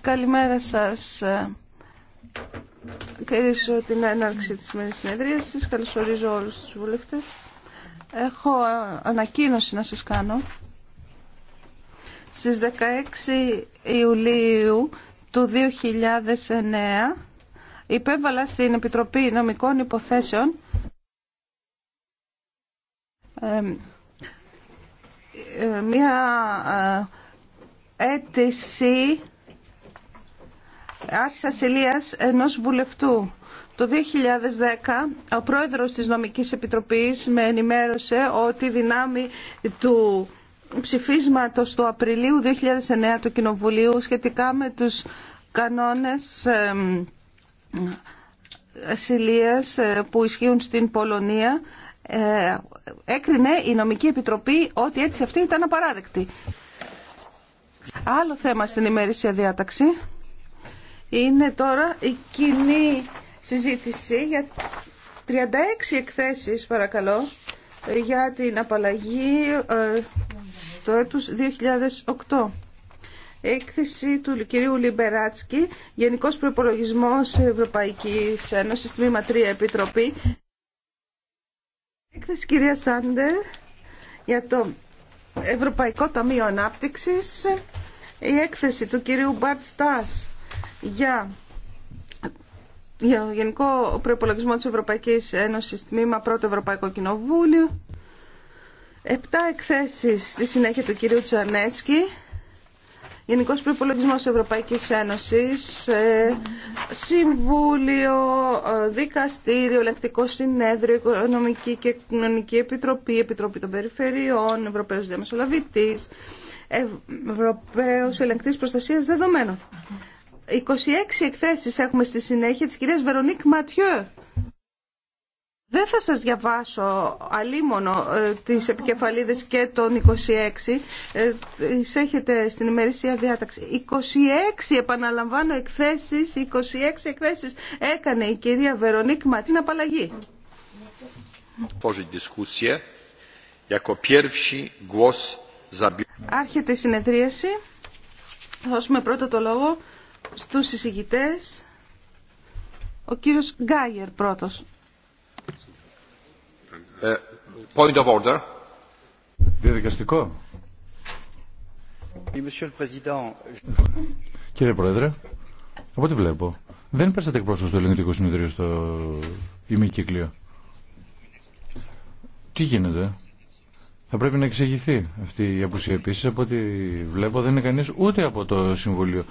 Καλημέρα σας. Ε, Κυρίσω την έναρξη της σημερινής συνεδρίασης. Καλωσορίζω όλους τους βουλευτές. Έχω ε, ανακοίνωση να σας κάνω. Στις 16 Ιουλίου του 2009 υπέβαλα στην Επιτροπή Νομικών Υποθέσεων μια ε, ε, αίτηση άρση ασυλίας ενός βουλευτού. Το 2010 ο πρόεδρος της Νομικής Επιτροπής με ενημέρωσε ότι δυνάμη του ψηφίσματος του Απριλίου 2009 του Κοινοβουλίου σχετικά με τους κανόνες ασυλίας ε, που ισχύουν στην Πολωνία ε, έκρινε η νομική επιτροπή ότι έτσι αυτή ήταν απαράδεκτη. Άλλο θέμα στην ημερήσια διάταξη είναι τώρα η κοινή συζήτηση για 36 εκθέσεις παρακαλώ για την απαλλαγή ε, το έτος 2008. Έκθεση του κυρίου Λιμπεράτσκι, Γενικός Προπολογισμός Ευρωπαϊκής Ένωσης, τμήμα 3 Επιτροπή. Έκθεση κυρία Σάντερ για το Ευρωπαϊκό Ταμείο Ανάπτυξης. Η έκθεση του κυρίου Μπαρτ Στάς για Γενικό Προπολογισμό της Ευρωπαϊκής Ένωσης, τμήμα πρώτο Ευρωπαϊκό Κοινοβούλιο. Επτά εκθέσεις στη συνέχεια του κυρίου Τσανέτσκι Γενικό Προπολογισμό Ευρωπαϊκή Ένωση, ε, Συμβούλιο, ε, Δικαστήριο, Ελεκτικό Συνέδριο, Οικονομική και Κοινωνική Επιτροπή, Επιτροπή των Περιφερειών, Ευρωπαίο Διαμεσολαβητή, Ευρωπαίο Ελεγκτή Προστασία Δεδομένων. 26 εκθέσεις έχουμε στη συνέχεια τη κυρίας Βερονίκ Ματιό δεν θα σας διαβάσω αλίμονο ε, τις επικεφαλίδες και των 26. Ε, τις στην ημερήσια διάταξη. 26 επαναλαμβάνω εκθέσεις, 26 εκθέσεις έκανε η κυρία Βερονίκ Ματίν απαλλαγή. Άρχεται η συνεδρίαση. Θα δώσουμε πρώτα το λόγο στους συζητητές. Ο κύριος Γκάγερ πρώτος. Ε, Διαδικαστικό. Κύριε Πρόεδρε, από ό,τι βλέπω, δεν πέσατε εκπρόσωπο του Ελληνικού Συνεδρίου στο ημικύκλιο. Τι γίνεται, θα πρέπει να εξηγηθεί αυτή η απουσία. Επίση, από ό,τι βλέπω, δεν είναι κανεί ούτε από το Συμβούλιο